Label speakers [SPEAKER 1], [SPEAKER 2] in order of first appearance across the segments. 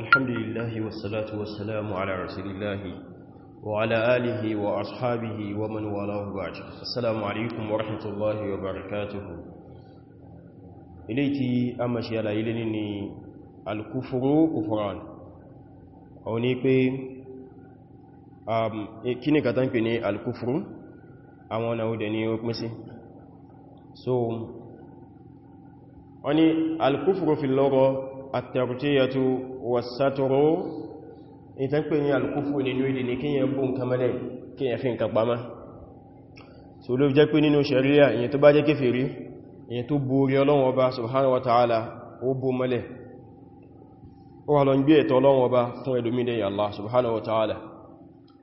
[SPEAKER 1] الحمد لله والصلاة والسلام على رسول الله وعلى آله وأصحابه ومن والاه بعد السلام عليكم ورحمة الله وبركاته إليتي أما شيء على إليني الكفر كفران أو نيكي kí ní kàtà ń pè ní alkufru àwọn ọ̀nà òdẹ̀ ní òpin sí so wọ́n ni alkufru fi lọ́rọ̀ at-taghtiyah was-satr ìtàn pé ní al-kuffu nínú ìdí ní kíyàn bó nǹkan mẹ́lẹ̀ kíyàn fi nǹkan pamá so ló jẹ́ pé nínú sharia ìyẹn tó bá jẹ́ kéfèrí ìyẹn tó borí Ọlọ́run Ọba subhanahu wa ta'ala ó bó mẹ́lẹ̀ ó wà lọ ń gbé ẹ̀tọ́ Ọlọ́run Ọba fún Allah subhanahu wa ta'ala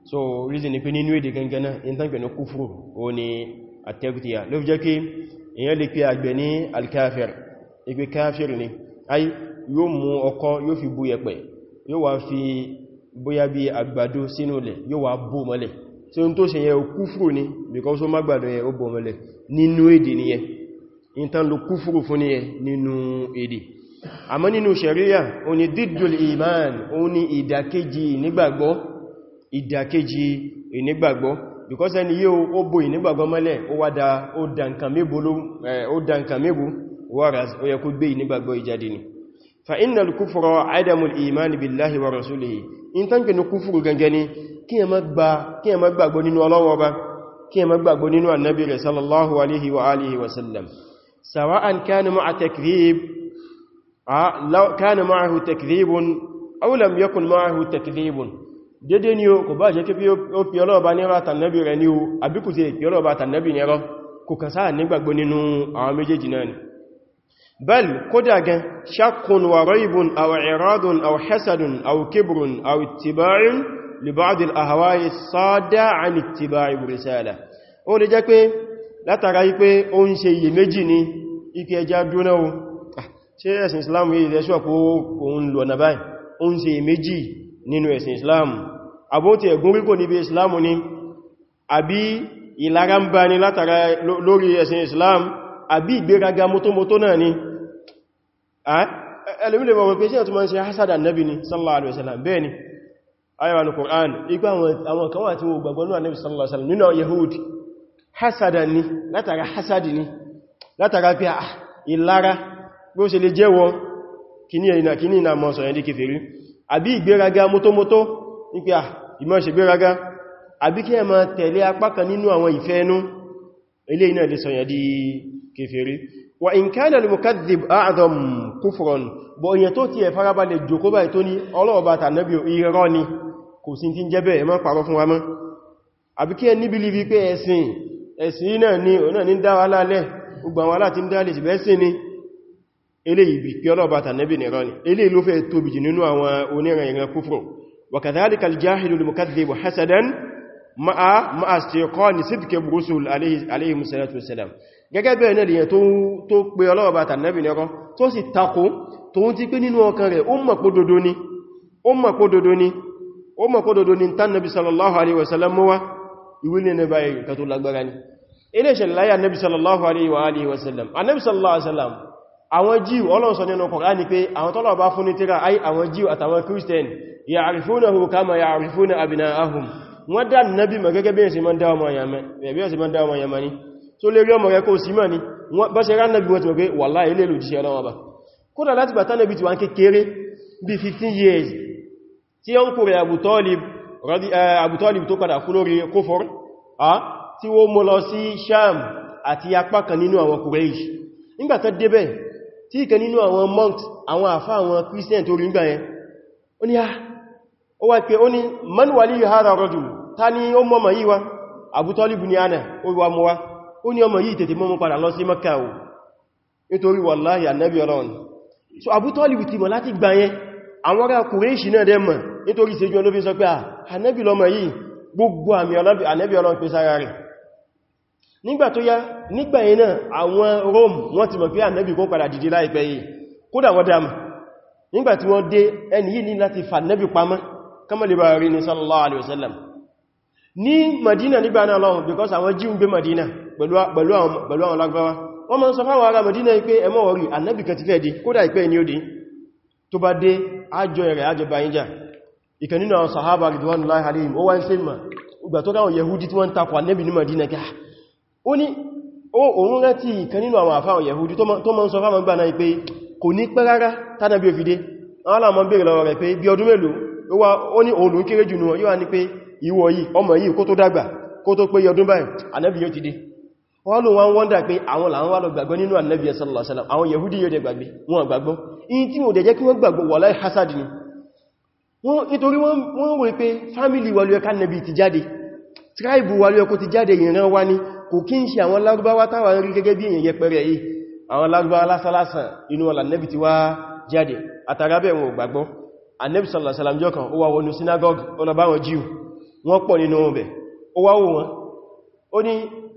[SPEAKER 1] so reason ni pé nínú èdè gangana in tan pẹ̀lú kúfùrù ó ní at-taghtiyah ló jẹ́ kí ìyẹn lè pé àgbẹ̀ ní al-kafir ìgbé kafir ni ai yóò mú ọkọ́ yóò fi bú yẹ̀pẹ̀ yóò wá fi bóyá bí àgbàdo sínú ilẹ̀ yóò wá bó mọ́lẹ̀ tí ó ń tó ṣe yẹ kúfùrù ní because ó mágbàdo yẹ ó bó mọ́lẹ̀ nínú èdè ni yẹ ìntàn ló kúfùrù fún yẹ nínú èdè àmọ́ nínú ṣẹ̀ríyà ó ní dídùl iman ó ní ìdàkejì ìnígbàgbọ́ ìdàkejì ìnígbàgbọ́ because ẹni yíò ó bó ìnígbàgbọ́ mọ́lẹ̀ ó wá da ó dànkàmébò whereas ó yẹ kó gbé ìnígbàgbọ́ ìjáde ni فإن الكفر عدم الإيمان بالله ورسوله in tan pe no kufuru gangan ni kí ẹ má gbà kí ẹ má gbàgbọ́ nínú Ọlọ́run Ọba kí ẹ má gbàgbọ́ nínú annabi rẹ̀ sallallahu alaihi wa alihi wa sallam sawa'an kana ma'a takdhib law kana ma'ahu takdhibun aw lam yakun ma'ahu takdhibun dede ni o kò bá jẹ́ pé ó fi Ọlọ́run Ọba ni ra tan nabi rẹ̀ ni o àbí kò ṣe fi Ọlọ́run Ọba tan nabi ni ro kò kan sa ní gbàgbọ́ nínú àwọn méjèèjì náà ni بل قد أجن شك وريب أو عراض أو حسد أو كبر أو اتباع لبعض الأهواء الصادة عن اتباع الرسالة ó lè jẹ́ pé látara ipé ó ń ṣe iye méjì ní ipé ẹja dúnà o ah, ṣe ẹ̀sìn islam yìí lẹ́ṣọ́ pé òun lò ọ̀nà báyìí ó ń ṣe iye méjì nínú ẹ̀sìn islam àbótí ẹ̀gún ríkò níbi islam ni àbí ìlara ń bá ní látara lórí ẹ̀sìn islam àbí ìgbéraga mọ́tọ́mọ́tọ́ náà ni ẹlùmílẹ̀ mọ̀ pé ṣe ọ̀tún ma ń ṣe hasada nabi ni sallallahu alaihi wasallam bẹ́ẹ̀ ni ayàwà ní Qur'an igbá àwọn kan wà tí wọ́n gbàgbọ́ náà nabi sallallahu alaihi wasallam nínú yahudi hasada ni látara hasadi ni látara pé à ah, ìlara bí ó ṣe lè jẹ́wọ́ kíní ẹ̀yìnà kíní ìnà mọ́ sọ̀rọ̀ ẹ̀dí kèfèrí àbí ìgbéraga mótómótó ní pé à ah, ìmọ́ ṣe gbéraga àbí kí ẹ ma tẹ̀lé apá kan nínú àwọn ìfẹ́ ẹnu ilé ìnà lè sọ̀rọ̀ ẹ̀dí kèfèrí wa in kana al-mukaththib a'zam kufran bo èyàn tó ti ẹ̀ farabalẹ̀ jókòó báyìí tó ní Ọlọ́run ba ta nabi o irọ́ ni kò sí tin jẹ́ bẹ́ẹ̀ ẹ má parọ́ fún wa mọ́ àbí kí ẹni believe pé ẹ̀sìn ẹ̀sìn náà ni ọ̀nà ni dá wa lálẹ̀ gbogbo àwọn aláti ń dá lè ṣìbẹ́ sí pé Ọlọ́run ba ta nabi ni gẹ́gẹ́ bẹ́ẹ̀ náà lèyàn tó pe Ọlọ́run bá tànàbì ní ọkọ́ tó sì takò tó ń ti pé nínú ọkàn rẹ̀ ó mọ̀ pó dodo ni ó mọ̀ pó dodo ni ó mọ̀ pó dodo ni sallallahu alaihi wasallam mọ́wá ìwé ní ẹnẹ́bà ẹ̀yìn ni ilé ìṣẹ̀lẹ̀ láyé annabi sallallahu alaihi wasallam annabi sallallahu alaihi wasallam àwọn jíù Ọlọ́run sọ nínú Kùránì pé àwọn tọ́lọ̀ bá fún ní tíra ai àwọn jíù àtàwọn kírísítẹ̀n ya'rifunahu kama ya'rifuna abna'ahum wọ́n dá nàbí mọ̀ gẹ́gẹ́ bí ẹ̀sìn mọ́ dáwọn yamani tó lè rí ọmọ rẹ kó sí mọ́ ní bọ́ ṣe rán nke wọ́n ti wọ́n pé wàlá ilé ló jíṣẹ́ ọlọ́wọ́ bá kódà láti bàtà kere ti wà ń kékeré bí 15 years tí ó ń kò rẹ̀ àbútọ́lìb eh, tó padà kú lórí kófọ́r ah, tí ó mọ́ lọ sí sham àti apá kan nínú àwọn Quraysh nígbà tó christian tó rí ó ní ọmọ yìí tètè mọ́ padà lọ sí Mẹ́kà o nítorí wàláhì ànábì ọlọ́run so Abu Talib ti mọ̀ láti gbà yẹn àwọn ará Kùrẹ́ṣì náà dẹ́mọ̀ nítorí ìṣẹ́jú olófin sọ pé ànábì lọmọ yìí gbogbo àmì ànábì ọlọ́run pé sára rẹ̀ nígbà tó yá nígbà yẹn náà àwọn Rome wọ́n ti mọ̀ pé ànábì kó padà dìde láìpẹ́ yìí kódà wọ́n dámà nígbà tí wọ́n dé ẹni yìí ní láti fà ànábì pamọ́ kọmọlẹ̀bà rí ní sallallahu alaihi wasallam ní Madina nígbà náà lọ́wọ́ because àwọn jíun gbé Madina pẹ̀lú àwọn lágbára wọ́n máa ń sọ fáwọn ará Mẹdínà pé ẹmọ́ orí annabi kan ti fẹ́ di kódà ìpẹ́ ni ó di tó bá dé àjọ rẹ̀ àjọ bayinja ìkan nínú àwọn sahaba ridwanullahi alayhim ó wá ń sèmà ìgbà tó ráwọn yehudi tí wọ́n takò annabi ní Mẹdínà ká ah. ó ní òun rántí ìkan nínú àwọn àfáwọn yehudi tó máa ń sọ fáwọn gbà náà pé kò ní pẹ́ rárá tánàbí ò yìí ọmọ yìí kó tó dàgbà kó tó pé ọdún báyìí annabi ti dé wọ́n lò wọ́n wọ́ndà pé àwọn làwọn wà lọ gbàgbọ́ nínú Ànábì sallallahu àwọn Yahudi yóò dẹ̀ gbàgbé wọn gbàgbọ́ in tí wọ́n dẹ̀jẹ́ kí wọ́n gbàgbọ́ wà láì hasad ni nítorí wọ́n wọ́n pé fámílì wà ti jáde tribe wà lóyẹ kó ti jáde ìran wá ní kò kí ń ṣe àwọn lárúbáwá táwà rí gẹ́gẹ́ bí èyàn yẹpẹrẹ yìí àwọn lárúbáwá lásán-lásán synagogue ó lọ bá wọn Jíù wọ́n pọ̀ nínú wọn bẹ̀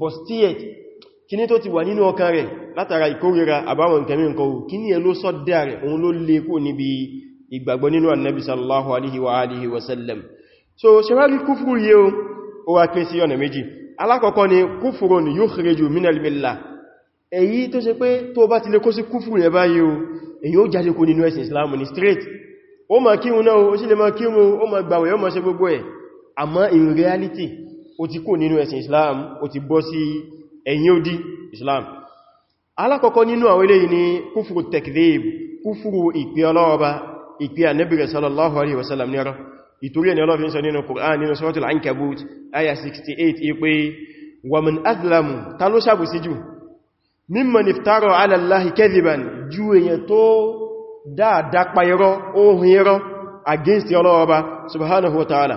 [SPEAKER 1] bọ̀ stiet kí ní tó ti wà nínú ọkàn rẹ̀ látara ìkórira àbáwọn kẹmí nǹkan ohun kí ní ẹ ló sọ́dá rẹ̀ òun ló lè kó níbi ìgbàgbọ́ nínú annabi sallallahu wa alihi wa sallam so ṣewárí kúfúrú yíó ó wá pín sí ọ̀nà méjì ni kúfúrú ni yukhriju minal millah èyí tó ṣe pé tó bá ti lè kó sí kúfúrú o èyí ó jáde kó nínú ẹ̀sìn ma kírun náà ma kírun ó ma in reality ó ti kó nínú ẹ̀sìn islam ó ti bọ́ sí ẹ̀yìn odi islam alákọ̀ọ́kọ́ nínú àwọn eléyìí ni kúfùrù tekdhib kúfùrù ìpè ọlọ́ọba ìpè ànẹ́bìrẹ̀ sallallahu alaihi wasallam nírọ ìtorí ẹni ọlọ́fin sọ nínú Qur'an nínú suratul ankabut aya 68 ipé wa man azlamu ta ló ṣàbùsí jù mimman iftara Allahi kadhiban ju èyàn tó dáadáa pa irọ́ ohun against ọlọ́ọba subhanahu wa ta'ala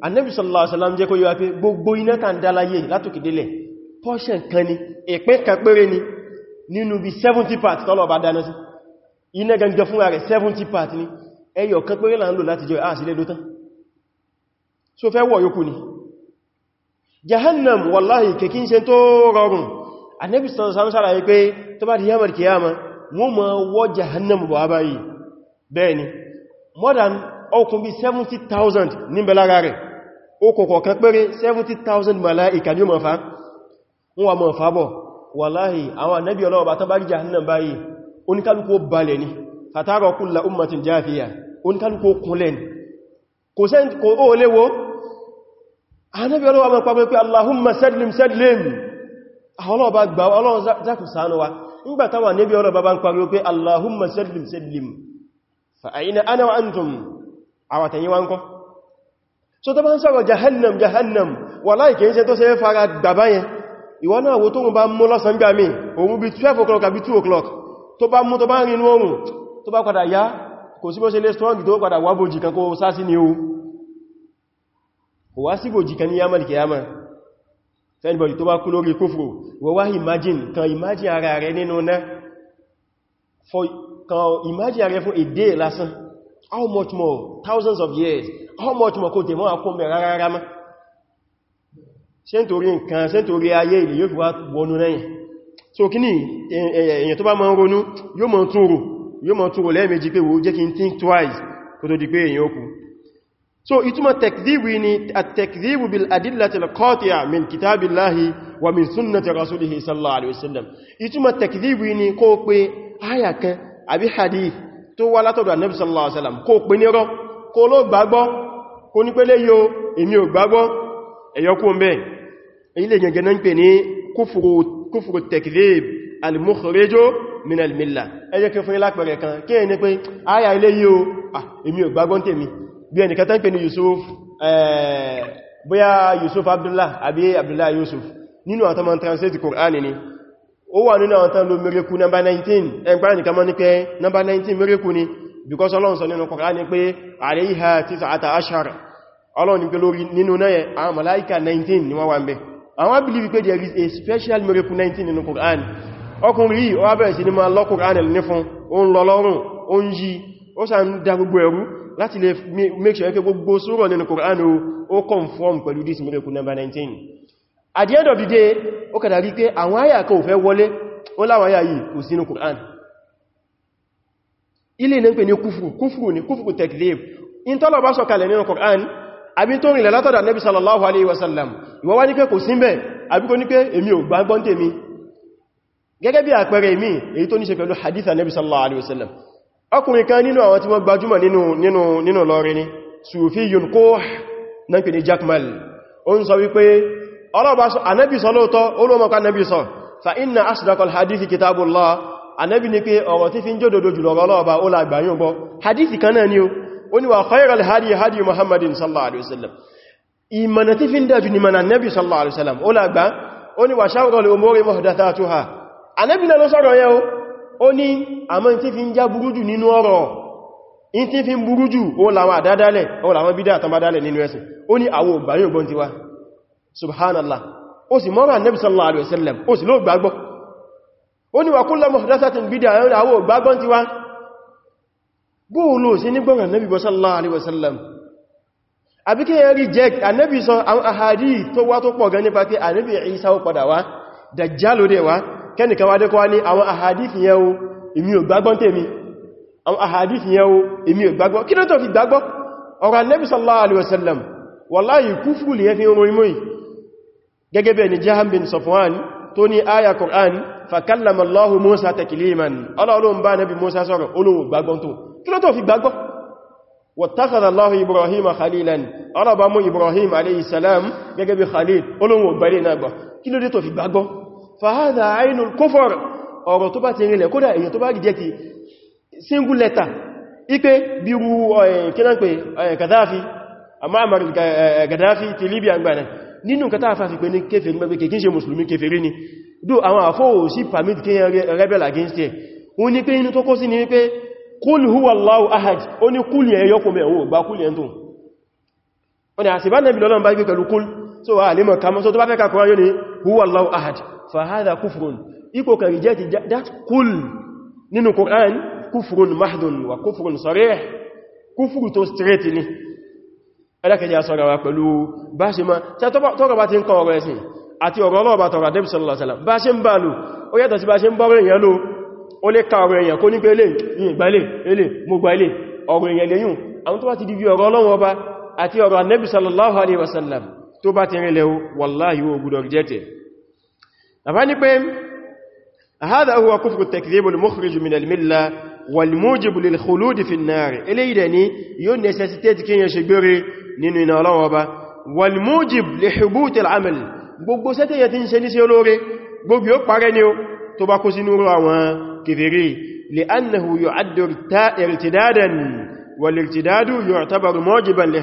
[SPEAKER 1] annabi sallallahu alaihi wasallam jẹ́ kó yíwa pé gbogbo iná tàn dáláyé látòkìdélẹ̀ portion kan ni ìpín kan péré ni nínú bí 70 parts tọ́lọ̀ bá dáná sí iná gangan fúnra rẹ̀ 70 parts ni ẹyọ kan péré là ń lò láti jọ àṣílẹ̀ dótán so fẹ́ wọ̀ yókù ni jahannam wallahi kèkí ń ṣe tó rọrùn annabi sallallahu alaihi wasallam ṣàlàyé pé tó bá di yamar kiyama wọ́n ma wọ́ jahannam bọ̀ abáyìí bẹ́ẹ̀ ni more ọkùn bí 70,000 níbẹ̀ rẹ̀ okùn kọ̀ọ̀kan péré 70,000 màláìkà ní o mọ̀fà wọ́n wà mọ̀fà bọ̀ wàláhì àwọn ànábì ọlọ́wọ́ bá tàbí jahannam báyìí oníkálùkù balẹ̀ ni fatara kulla ummatin jafiya oníkálùkù kúnlẹ̀ ni kò sẹ́ kò ó léwo ànábì ọlọ́wọ́ bá pàpẹ́ pé allahumma sadlim sadlim ọlọ́wọ́ bá gbà ọlọ́wọ́ zákù sánú wa nígbà táwọn ànábì ọlọ́wọ́ bá ń pariwo pé allahumma sadlim sadlim fa so tó bá ń sọ̀rọ̀ jahannam jahannam wallahi kìí ṣe tó ṣe fara gbàbá yẹn ìwọ náà wo tó bá mú lọ́sàn gbà mí òun bí 12 o'clock àbí 2 o'clock tó bá mú tó bá rinú oòrùn tó bá padà yá kò sí bó ṣe lé strong tó padà wá bòjì kan kó sásí ni o kò wá sí bòjì kan ní yamal kiyama anybody tó bá kú lórí kúfùrù wọ́n wá imagine kan imagine ara rẹ nínú náà kan imagine ara rẹ fún a day lásán how much more thousands of years ọmọ ọ̀tùmọ̀ kò tèmọ́ àkómẹ̀ rárá má ṣe ń torí nǹkan ṣe ń torí ayé ilẹ̀ yóò fi wá wọnú lẹ́yìn so kini ní èyàn tó bá mọ́ ronú yóò mọ́ túnrò yóò mọ́ túnrò lẹ́ẹ̀mejì pé wo jẹ́ kí think twice kó tó di pé èyàn okù so ìtumọ̀ tekdhibi ni at-tekdhibu bil adillati al-qati'a min kitabillahi wa min sunnati rasulihi sallallahu alaihi wasallam ìtumọ̀ tekdhibi ni kó pé aya kan àbí hadith tó wá látọ̀dọ̀ annabi sallallahu alaihi wasallam kó pé nírọ́ kó ló gbàgbọ́ kó ní pẹ́lẹ́ yóò èmi ò gbàgbọ́ ẹ̀yọkú ń bẹ́ ilé gẹ̀gẹ̀ náà ń pè ní kúfùrù tekzib al-mukhrijo min al-milla ẹjẹ́ kí fún ilápẹ̀rẹ̀ kan kí ẹni pé ayà ilé yóò ah, èmi ò gbàgbọ́ Yusuf eh, bóyá Yusuf Abdullah àbí Abdullah Yusuf nínú àwọn tọ́mọ̀ translate Qur'an ni ó wà nínú àwọn tán lo number 19 ẹgbẹ́ ni mọ́ ní pé number 19 miracle ni because ọlọ́run sọ nínú kọkàlá ní pé àríhà tí sàátà ashara ọlọ́run ní pé lórí nínú náà àwọn màláíkà 19 ni wọ́n wà ń bẹ àwọn believe pé there is a special miracle 19 nínú kọkàlá ọkùnrin yìí ó bẹ̀rẹ̀ sí ní máa lọ kọkàlá ní fún ó ń lọ lọ́rùn ó ń yí ó sà ń da gbogbo ẹ̀rú láti lè make sure pé conform pẹ̀lú this miracle number 19 at the end of the day ó kàdà rí pé àwọn àyà kan ò fẹ́ wọlé ó láwọn àyà yìí kò sínú kọkàlá ilé ní pè ní kúfùrù kúfùrù ní kúfùrù tekdhib in tọ́lọ̀ bá sọ kalẹ̀ nínú Qur'an àbí tó rìnlẹ̀ látọ̀dà Nabi sallallahu alaihi wasallam ìwọ wá ní pé kò sí mbẹ̀ àbí kò ní pé èmi ò gbàgbọ́n tèmi gẹ́gẹ́ bí àpẹẹrẹ mi èyí tó ní ṣe pẹ̀lú hadith Nabi sallallahu alaihi wasallam ọkùnrin kan nínú àwọn tí wọ́n gbajúmọ̀ nínú nínú nínú lọrin anẹ́bì ní pé ọ̀rọ̀ tí fi ń jódòdó jùlọ ọlọ́ọ̀bá ó lágbàáyùn gbọ́ hadithi kan náà ni ó ó ní wà khairal hadi hadi muhammadin sallallahu alaihi wasallam ìmọ̀nà tí fi ń dájú ni mọ̀nà nẹ́bì sallallahu alaihi wasallam ó lágbà ó ní wà sharral umuri muhdathatuha anẹ́bì náà ló sọ̀rọ̀ yẹn ó ní àmọ́ tí fi ń já burú jù nínú ọ̀rọ̀ in tí fi ń burú jù ó làwọn àdádálẹ̀ ó làwọn bídá àtàmádálẹ̀ nínú ẹ̀sìn ó ní wa kullu muhdathatin bid'ah àwọn àwọ̀ gbágbọ́n ti wá bóòlò sí nígbọ̀nà nabi sallallahu alaihi wasallam àbí kí yẹn reject ànábì sọ àwọn àhàdí tó wá tó pọ̀ gan nípa pé ànábì Ìsá ó padà wá dàjálò dẹ̀ wá kẹ́nìkan wá dẹ́kọ́ wá ní àwọn àhàdí fi yẹn o èmi ò gbàgbọ́ tèmi àwọn àhàdí fi yẹn o èmi ò gbàgbọ́ gẹ́gẹ́ bẹ́ẹ̀ ni Jaham bin tó ní aya Qur'an فكلم الله موسى تكليما Ọlọ́run bá Nábì Mùsá sọ̀rọ̀ Ọlọ́run gbàgbọ́ tó kí ló tó fi gbàgbọ́ واتخذ الله إبراهيم خليلا Ọlọ́run bá mú Ibrahim alayhi salam gẹ́gẹ́ bí khalil Ọlọ́run gbàlẹ̀ náà gbọ́ kí ló dé tó fi فهذا عين الكفر ọ̀rọ̀ tó bá ti rìnlẹ̀ kódà èyàn tó bá rí jẹ́kì single letter ipé bí rú kínan pé Gaddafi Muammar eh, Gaddafi ti Libya gbà náà nínú kátàfà do àwọn àfọ́wò sí permit kíyàn rebel against ẹ̀ o ní pé inú tó kó sí ní pé kúlù huwa Allahu ahad o ní kúlù ẹ̀ yọ́kùn mẹ́ òun gba kúlù ẹ̀ tó o ní àṣìbá nẹ́bí lọ́lọ́n bá gbé pẹ̀lú kúlù so wà lè mọ̀ kàmọ́ so tó bá fẹ́ kàkọ́ yóò ní huwa Allahu ahad fahada kufrun ipò kan reject that kúlù nínú Qur'an kufrun mahdun wa kufrun sarih kufru tó straight ni ẹlẹ́kẹjẹ́ sọ́ra wa pẹ̀lú bá ṣe ma tẹ́ tọ́rọ bá ti ń kọ́ ọ̀rọ̀ ẹ̀sìn àti ọ̀rọ̀ ọlọ́ọ̀bá tọ̀rọ̀ àdẹ́bì sallallahu alaihi wasallam bá ṣe ń bá lò ó yàtọ̀ sí bá ṣe ń bá ọ̀rọ̀ èèyàn lò ó lè ka ọ̀rọ̀ èèyàn kó ní pé ilé ìgbà ilé ilé mo gba ilé ọ̀rọ̀ èèyàn lẹ́yìn àwọn tó bá ti هذا هو كفر التكذيب المخرج من الملة والموجب للخلود في النار إليه دني يون necessitate كين يشبري نينو إن والموجب لحبوط العمل gbogbo sẹ́tẹ̀yẹ tí ń ṣe níṣẹ́ olóore gbogbo yóò parẹ́ ni ó tó bá kó sínú àwọn kèfèrè li'annahu yu'addu irtidadan wal irtidadu yu'tabaru mujiban li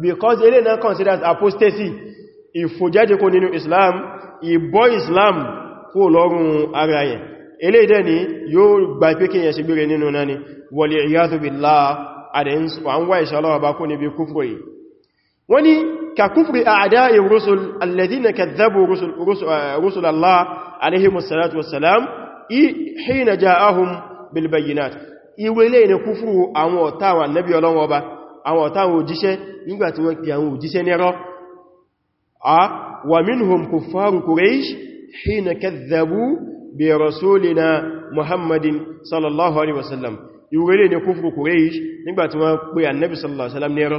[SPEAKER 1] because ele na apostasy ìfòjáde kó nínú Islam ìbọ́ Islam kó lọ́rùn ara yẹn ele ìdẹ́ ni yóò gbà pé kíyàn ṣe gbére nínú náà ni wal iyadhu wọ́n ni ككفر أعداء الرسل الذين كذبوا رسل, رسل, رسل الله عليهم الصلاة والسلام حين جاءهم بالبينات ìwélé ní kúfúrú àwọn ọ̀tá àwọn annabi ọlọ́wọ́ ọba àwọn ọ̀tá àwọn òjíṣẹ́ nígbàtí wọ́n pè àwọn òjíṣẹ́ ní ẹ̀rọ a wà minhum kuffaru Quraysh hina kadhabu bi rasulina Muhammadin sallallahu alaihi wasallam ìwélé ní kúfúrú Quraysh nígbàtí wọ́n pè annabi sallallahu alaihi wasallam ní ẹ̀rọ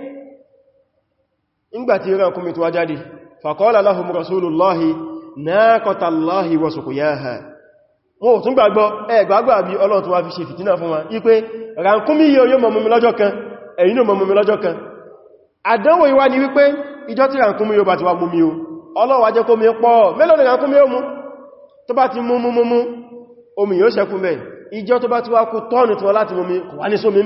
[SPEAKER 1] nígbàtí ran kúmi tó wá jáde faqala lahum na naqatallahi wa suqyaha wọ́n tún gbàgbọ́ ẹgbàgbà bí Ọlọ́run tó wá fi ṣe fìtínà fún wa ipé rankúmí yíò yóò mọ̀mọ̀mí lọ́jọ́ kan ẹ̀yìn ò mọ̀mọ̀mí kan àdánwò ìwá ni wípé ìjọ tí rankúmí yóò bá ti wá mú o Ọlọ́run á jẹ́ kó mi pọ̀ mélòó ni rankúmí yóò mú tó bá ti mú mú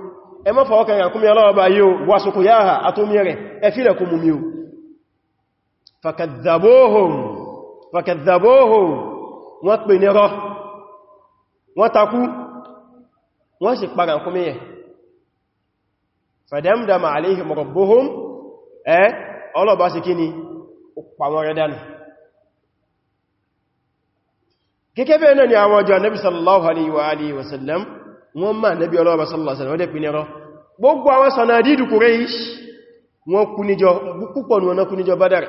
[SPEAKER 1] ẹ má fọwọ́ kan ràkúnmí ọlọ́ọ̀bá yóò wà sókò yáà àtómí rẹ̀ ẹ fílẹ̀ kó mú mi o fàkàdàbóhùn fàkàdàbóhùn wọ́n pè ní rọ́ wọ́n takú wọ́n sì pa ràkúnmí yẹ fàdẹ́mdàmà aléhìm rọ̀bóhùn ẹ ọlọ́ọ̀bá sì kí ni wọ́n máa nẹ́bí ọlọ́ọ̀bá sallọ́sàn wọ́n dẹ̀ pín ẹrọ gbogbo àwọn sanadidu Quraysh wọ́n kú níjọ púpọ̀ ní wọn kú níjọ Badar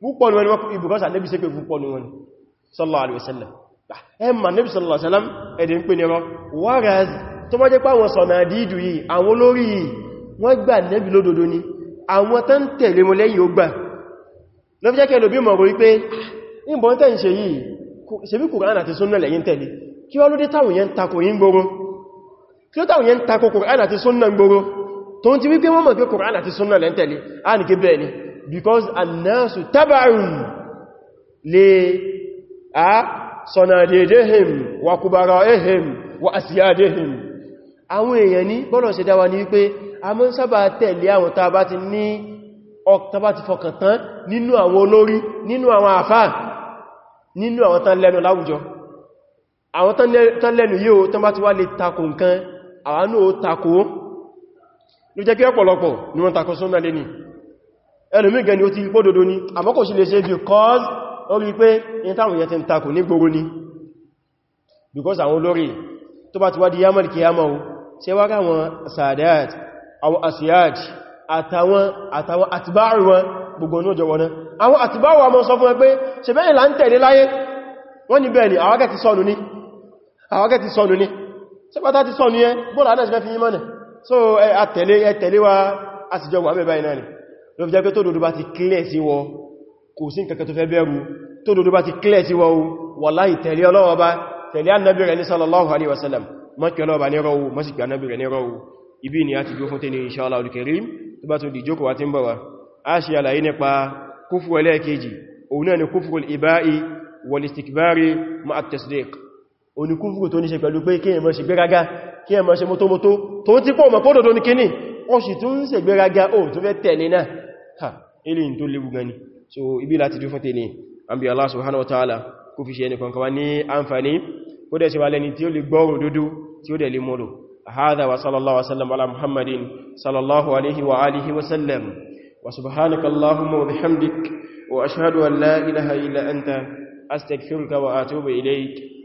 [SPEAKER 1] púpọ̀ ní wọn kú ibùkọ́sà nẹ́bí sẹ́pẹ̀ púpọ̀ ní wọn sallallahu alaihi wasallam ẹmà nẹ́bí sallallahu alaihi wasallam ẹ̀dẹ̀ ń pín ẹrọ whereas tó bá jẹ́ pé àwọn sanadidu yìí àwọn olórí yìí wọ́n gbà nẹ́bí lódodo ni àwọn kí wá ló dé táwọn yẹn takò yí gbogbo kí ló táwọn yẹn takò Kùránì àti súnnà gbogbo tó ń ti wípé wọ́n mọ̀ pé Kùránì àti súnnà lẹ́ntẹ̀lé a ní kí bẹ́ẹ̀ ni because annasu tabarun lè a sọ̀nàdédéhìm wa kubara'ihim wa asiyadéhìm àwọn èèyàn ní bọ́lọ̀ ṣe dáwà ní wípé a mọ́ sábà tẹ̀lé àwọn tàbá ti ní ọ̀tàbá nínú àwọn tán lẹ́nu láwùjọ àwọn tán lẹ́nu yíò tán bá ti wá lè takò nǹkan àwọn náà takò ló jẹ́ kí ọ̀pọ̀lọpọ̀ ní wọ́n takò súnnà lẹ́ni ẹlòmí gan ni ó ti ipò dòdó ní àmọ́ kò sí lè ṣe because ó rí pé in táwọn yẹ ti ń takò ní gbogbo ní because àwọn olórí tó bá ti wá di yamal ní àwọ́gẹ́ ti sọ́nù ní sípátá ti sọ́nù yẹn bọ́ọ̀lá náà sífẹ́ fi yí mọ́nà so àtẹ̀lé ẹ̀tẹ̀lé wa a sì jọwọ́ abẹ́bá iná ni ló fi jẹ́ pé tó dòdó bá ti clear sí wọ kò sí nǹkan tó fẹ́ bẹ̀rù tó dòdó bá ti clear sí wọ wàláhì tẹ̀lé Ọlọ́run bá tẹ̀lé at-tasdiq oníkúfúrù tó ní ṣe pẹ̀lú pé kí ẹmọ́ ṣe gbéraga kí ẹmọ́ ṣe mọ́tómọ́tó tó ti pọ̀ mọ̀ pódòdó ní kíní wọ́n sì tún ṣe gbéraga ó tó fẹ́ tẹ̀lé náà ha ilé tó léwu gan so ibi láti dúfún tẹ̀lé àbí Allah subhanahu wa ta'ala kó fi ṣe ẹni kankan wá ní àǹfààní kó هذا وصلى الله وسلم على محمد صلى الله عليه وآله وسلم وسبحانك اللهم وبحمدك وأشهد أن لا إله إلا أنت أستغفرك وأتوب إليك